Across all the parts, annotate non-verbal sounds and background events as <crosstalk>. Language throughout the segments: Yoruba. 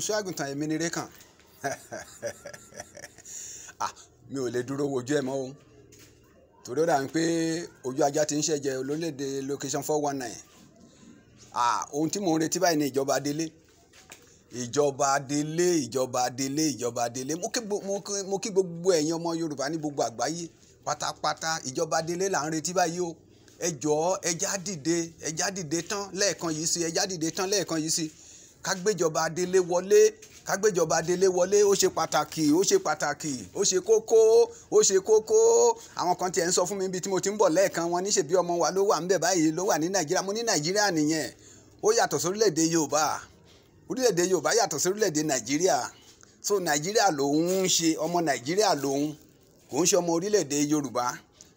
olùṣọ́ àgùntàn èmi ni rékàn <laughs> ah, mi ò lè dúró wojú ẹ̀ mọ́ o torí ó dà ń pé ojú ajá ti ń ṣẹ̀jẹ̀ olólédè location four one nine ah, ohun tí mò ń retí báyìí ni ìjọba délé ìjọba délé ìjọba délé ìjọba délé mo kí gbogbo ẹ̀yin ọmọ Yorùbá ní gbogbo àgbáyé pátápátá ìjọba délé là ń retí báyìí o ẹ jọ̀ọ́ ẹjá dìde ẹjá dìde tán lẹ́ẹ̀kan yìí sí ẹjá dìde tán lẹ́ẹ̀kan yìí sí kágbéjọba délé wọlé kágbéjọba délé wọlé ó ṣe pàtàkì ó ṣe pàtàkì ó ṣe kókó ó ṣe kókó àwọn kan tiẹ̀ ń sọ fún mi ibi tí mo ti ń bọ̀ lẹ́ẹ̀kan wọn ní ṣèbí ọmọ wa ló wà ń bẹ̀ báyìí ló wà ní nàìjíríà mo ní nàìjíríà nìyẹn ó yàtọ̀ sórílẹ̀-èdè yorùbá orílẹ̀-èdè yorùbá yàtọ̀ sórílẹ̀-èdè nàìjíríà so nàìjíríà lòun ń ṣe ọmọ nàìjíríà lòun kò ń ṣe ọmọ orílẹ̀-èdè yorùbá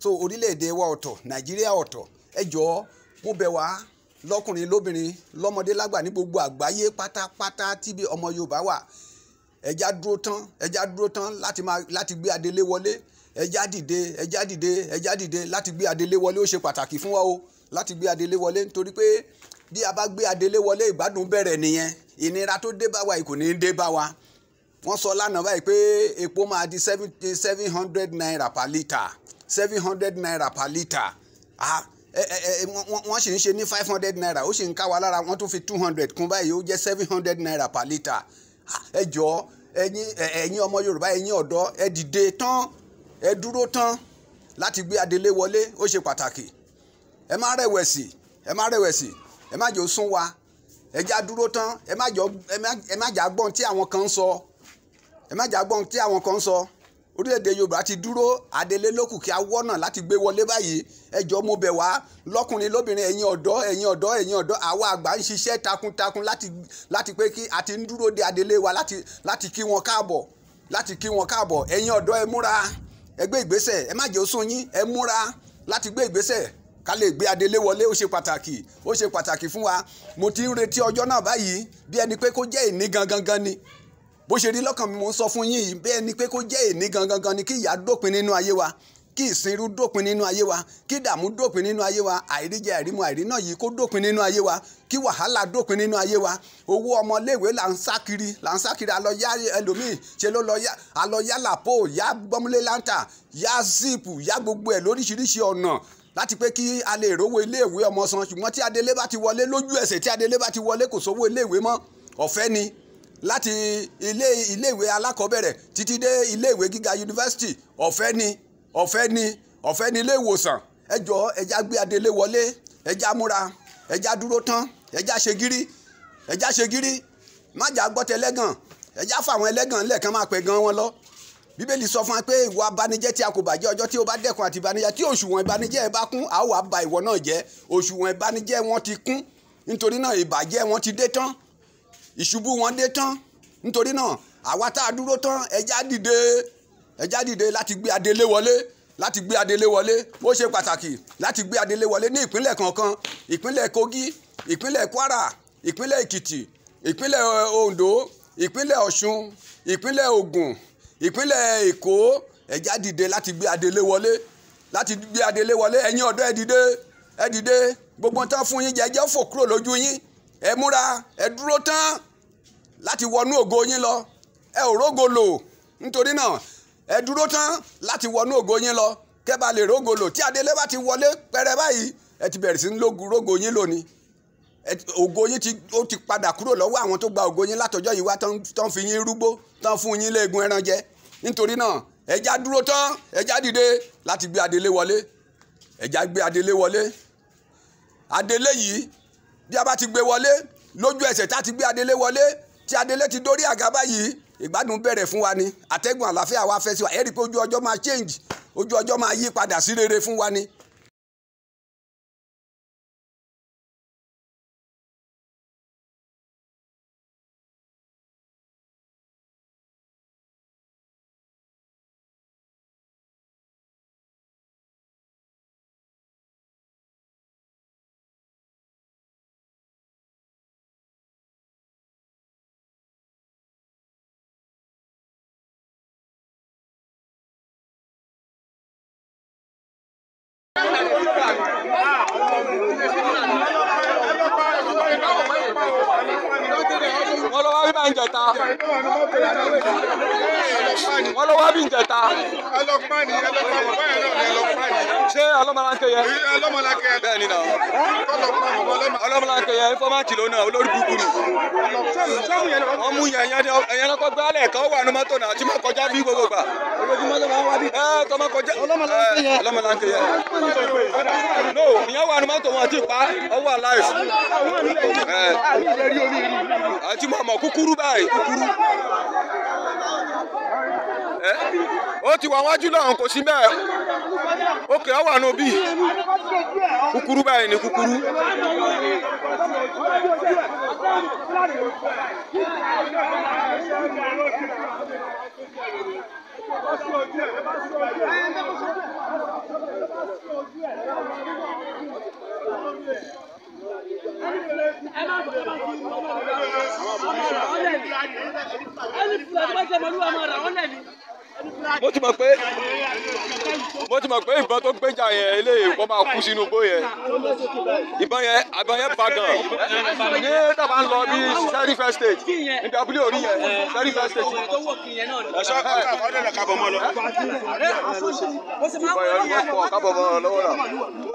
so orílẹ̀-èdè wa ọ̀tọ̀ nàìjíríà ọ̀tọ̀ ẹ jọ̀ọ́ mo bẹ̀ wá lọ́kùnrin lóbìnrin lọ́mọdé lágbà ní gbogbo àgbáyé pátápátá tíbi ọmọ Yorùbá wà ẹja dúró tán ẹja dúró tán láti máa láti gbé adelé wọlé ẹja dìde ẹja dìde ẹja dìde láti gbé adelé wọlé ó ṣe pàtàkì fún wa o láti gbé adelé wọlé nítorí pé bí a bá gbé adelé wọlé ìgbádùn bẹ̀rẹ̀ nìyẹn ìnira tó dé bá wa kò ní dé bá wa wọ́n sọ lánàá báyìí pé epo máa di seven hundred naira per litre seven hundred naira per litre ah wọ́n sì ń ṣe ní five hundred naira ó sì ń ká wa lára wọ́n tún fi two hundred kún báyìí ó jẹ́ seven hundred naira per litre ẹ jọ ẹ̀yin ẹ̀yin ọmọ Yorùbá ẹ̀yin ọ̀dọ́ ẹ dìde tán ẹ dúró tán láti gbé adelé wọlé ó ṣe pàtàkì ẹ má rẹ̀wẹ̀sì ẹ má rẹ̀wẹ̀sì ẹ má jò sún wa ẹ já dúró tán ẹ má jà gbọ́n tí àwọn kan ń sọ ẹ má jà gbọ́n tí àwọn kan ń sọ orílẹ̀-èdè yorùbá ti dúró adelé lókù kí a wọ́nà láti gbé wọlé báyìí ẹjọ́ mo bẹ̀ wá lọ́kùnrin lóbìnrin ẹ̀yin ọ̀dọ́ ẹ̀yin ọ̀dọ́ ẹ̀yin ọ̀dọ́ àwa àgbà ń ṣiṣẹ́ takuntakun láti pé kí a ń dúró de adelé wa láti láti kí wọn káàbọ̀ láti kí wọn káàbọ̀ ẹ̀yin ọ̀dọ́ ẹ múra ẹ gbé ìgbésẹ̀ ẹ má jẹ́ ó sún yín ẹ múra láti gbé ìgbésẹ̀ ká lè gbé adelé wọlé ó ṣe pàtàkì ó ṣe pàtàkì fún wa mo ti ń retí ọjọ́ náà báyìí bí ẹni pé kó jẹ́ ìní gangan gan ni bó ṣe rí lọ́kàn mi mo ń sọ fún yín yìí bẹ́ẹ̀ ni pé kó jẹ́ èní gangan gan ni kí ìyà dópin nínú ayé wa kí ìsinrú dópin nínú ayé wa kí ìdààmú dópin nínú ayé wa àìríjẹ àìrímu àìríná yìí kó dópin nínú ayé wa kí wàhálà dópin nínú ayé wa owó ọmọléèwé là ń sá kiri là ń sá kiri alọ́yá ẹlòmíì ṣe ló lọ́yá alọ́yá làpò yá gbọ́múlé láńtà yá zip yá gbogbo ẹ̀ lóríṣiríṣi ọ̀nà láti pé kí a lè rówó iléèwé ọmọ san ṣùgbọ́n tí adelé bá ti wọlé lójú ẹsẹ̀ tí adelé bá ti wọlé kò sówó iléèwé mọ́ ọ̀fẹ́ ni láti ilé iléèwé alákọ̀ọ́bẹ̀rẹ̀ títí dé iléèwé gíga yunifásitì ọ̀fẹ́ ni ọ̀fẹ́ ni ọ̀fẹ́ ni ilé ìwòsàn ẹ jọ̀ọ́ ẹ já gbé adélé wọlé ẹ já múra ẹ já dúró tán ẹ já ṣe gírí ẹ já ṣe gírí má jà gbọ́tẹ lẹ́gàn ẹ já fáwọn ẹlẹ́gàn ńlẹ̀ máa pẹ̀ gan wọn lọ bíbélì sọ fún wa pé ìwà abanijẹ́ tí a kò bàjẹ́ ọjọ́ tí o bá dẹ́kun àti ìbanijẹ́ tí òṣùwọ̀n ìbanijẹ́ ẹ bá kún a ó wàá ba ìwọ náà jẹ́ òṣùwọ̀n ìbanijẹ́ wọn ti kún nítorí náà ìbàjẹ́ wọn ti dé tán ìṣubú wọn dé tán nítorí náà àwa tá a dúró tán ẹja dìde ẹja dìde láti gbé adelé wọlé láti gbé adelé wọlé ó ṣe pàtàkì láti gbé adelé wọlé ní ìpínlẹ̀ kọ̀ọ̀kan ìpínlẹ̀ Kogi ìpínlẹ̀ Kwara ìpínlẹ̀ Èkìtì ìpínlẹ̀ Ondo ìpínlẹ̀ Ọ̀ṣun ìpínlẹ̀ Ògùn ìpínlẹ̀ Èkó ẹja dìde láti gbé adelé wọlé láti gbé adelé wọlé ẹ̀yin ọ̀dọ́ ẹ dìde ẹ dìde gbogbo tán fún yín jẹ́jẹ́ fò kúrò lójú yín ẹ múra ẹ dúró tán láti wọnú ògo yín lọ ẹ ò rógo lò nítorí náà ẹ dúró tán láti wọnú ògo yín lọ kẹ́ lè rógo lò tí adélé bá ti wọlé pẹrẹ báyìí ẹ ti bẹ̀rẹ̀ sí ní rógo yín lónìí ògo yín ti ti padà kúrò lọ́wọ́ àwọn tó gba ògo yín látọjọ́ yìí wá tán fi yín rúgbó tán fún yín léegun ẹran jẹ nítorí náà ẹja dúró tán ẹja dìde láti gbé adélé wọlé ẹja gbé adélé wọlé adélé yìí bí a bá ti gbé wọlé lójú ẹsẹ̀ tá a ti gbé adelé wọlé tí adelé ti dórí àga báyìí ìgbádùn bẹ̀rẹ̀ fún wa ni àtẹ́gùn àlàáfíà wa fẹ́ sí wa ẹ̀rí pé ojú ọjọ́ máa change ojú ọjọ́ máa yí padà sí rere fún wa ni ń jẹta wọ́n ló wá bí ń jẹta. ọlọ́pàá ni ọlọ́pàá bàbá ẹ̀ ṣé ọlọ́mọláńkẹ́ yẹ. ọlọ́mọláńkẹ́ yẹ. bẹ́ẹ̀ ni na. ọlọ́mọláńkẹ́ yẹ fọ́mátì ló náà olórí búburú. ọmú yẹn ẹ̀yẹn lọ́kọ́ gbálẹ̀ kan wà ní mọ́tò náà tí mo kọjá bí gbogbo gbà. olójúmọ́ ló máa ń wá bí. ẹ tọmọ kọjá báyìí kúkúrú ó ti wà wájú náà kò sí bẹ́ẹ̀ òkè ọ wà níbí kúkúrú báyìí ni kúkúrú. Ẹni fúlẹ̀ tó bá jẹ́ mọ́lúwa máa rà ọ́nà ni mo ti mọ̀ pé wọ́n ti mọ̀ pé ìbọn tó gbéjà yẹn eléyìí wọ́n máa kú sínú igbó yẹn ìbọn yẹn àbọn yẹn bá gan ní tàbá ń lọ bí sẹ́rí fẹ́ state níbi abúlé orí yẹn sẹ́rí fẹ́ state. ẹ̀ṣọ́ ọ̀dọ̀ rẹ̀ kábọ̀ mọ́ lọ. ìbọn yẹn wọ́n pọ̀ kábọ̀ mọ́ lọ́wọ́ la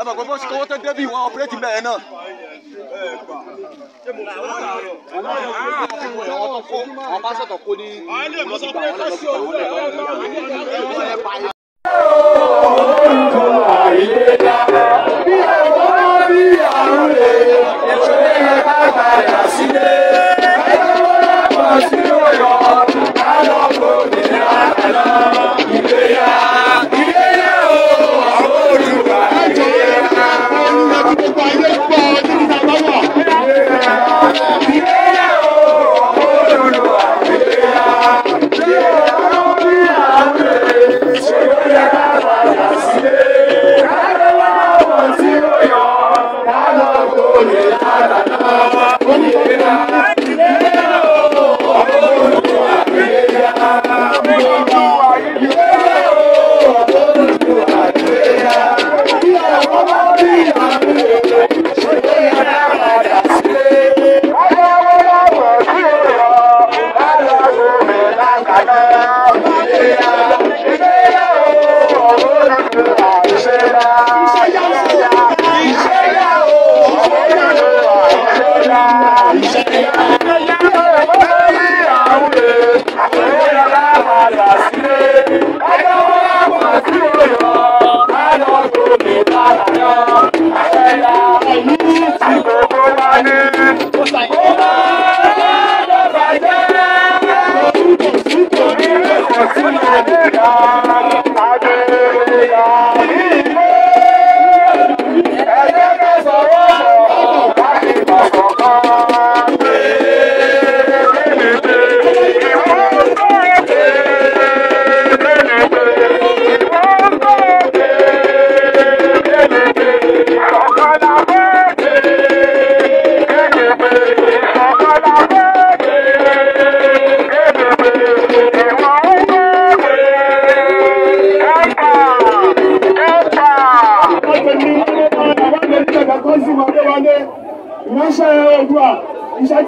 ẹ mọ̀ pé bó ṣe kówó tó débì wọn ọ̀pẹ́rẹ́tì bẹ́ẹ̀ náà àwọn pásítọ̀ kò ní ìlera bí ẹ̀wọ́n bá bí àrùn lè ìṣòro ẹ̀ka padà sílé ẹ̀ka wọ́n náà pọ̀ sí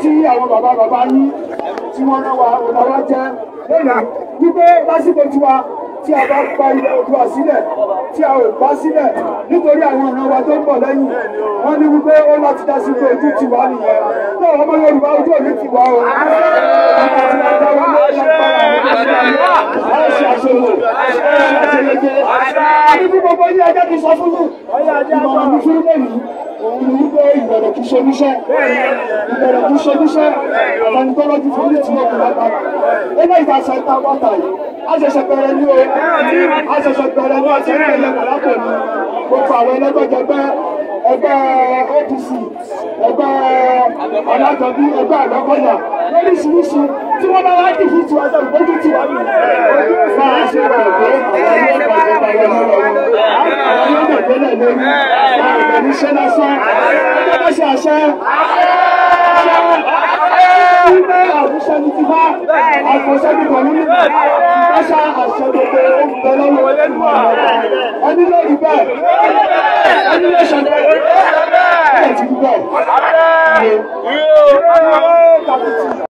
tí àwọn bàbá bàbá yín tí wọ́n náà wà ọ̀nà jẹ́ lónìí wípé lásìkò tiwa tí a bá pa ilẹ̀ Oòduà sílẹ̀ tí a ò bá sílẹ̀ nítorí àwọn ọ̀ràn wa tó ń bọ̀ lẹ́yìn wọ́n ní wípé ó láti dá sí pé ojú ti wá nìyẹn tó ọmọ Yorùbá ojú òní ti wá o ọmọ tí a dá wa ló ń lágbára àwọn àṣẹ àṣọwò àṣẹ àṣẹ gbogbo ní ẹjẹ́ ti sọ fún mi ìmọ̀ràn mi fún lẹ́yìn òun ni wípé ìbẹ̀rẹ̀ kì í ṣoníṣẹ́ ìbẹ̀rẹ̀ kì í ṣoníṣẹ́ àtàntọ́lọ́jú fún ilé tí wọ́n kò lágbára ó lẹ́yìn àṣẹ ìta pátá yìí àṣẹ̀ṣẹ̀ bẹ̀rẹ̀ ní o àṣẹ̀ṣẹ̀ bẹ̀rẹ̀ ní ọtí ìpínlẹ̀ pàlákọ ni gbogbo àwọn ẹlẹgbẹjẹgbẹ ẹgbẹ́ APC ẹgbẹ́ ọlájọbí ẹgbẹ́ àgbàkọyà lóríṣiríṣi tí wọn bá wá dìbò tí wọn sọ ìgbójú tí wọn bá a ṣe rẹ pé àwọn ilé ẹ̀kọ́ ìjọba yẹn lọ wọn àwọn ilé ẹ̀kọ́ ìpínlẹ̀ lórí wọn àgbẹ níṣẹ́ lásán ẹgbẹ́ bá ṣe àṣẹ àṣẹ ìgbẹ́ àbúṣe ní ti bá àkọsẹ́ nípa nínú aṣa àṣẹ gbogbo ó ń ẹni lè rí bẹ́ẹ̀ ẹni lè ṣe bẹ́ẹ̀ ẹni lè rí bẹ́ẹ̀.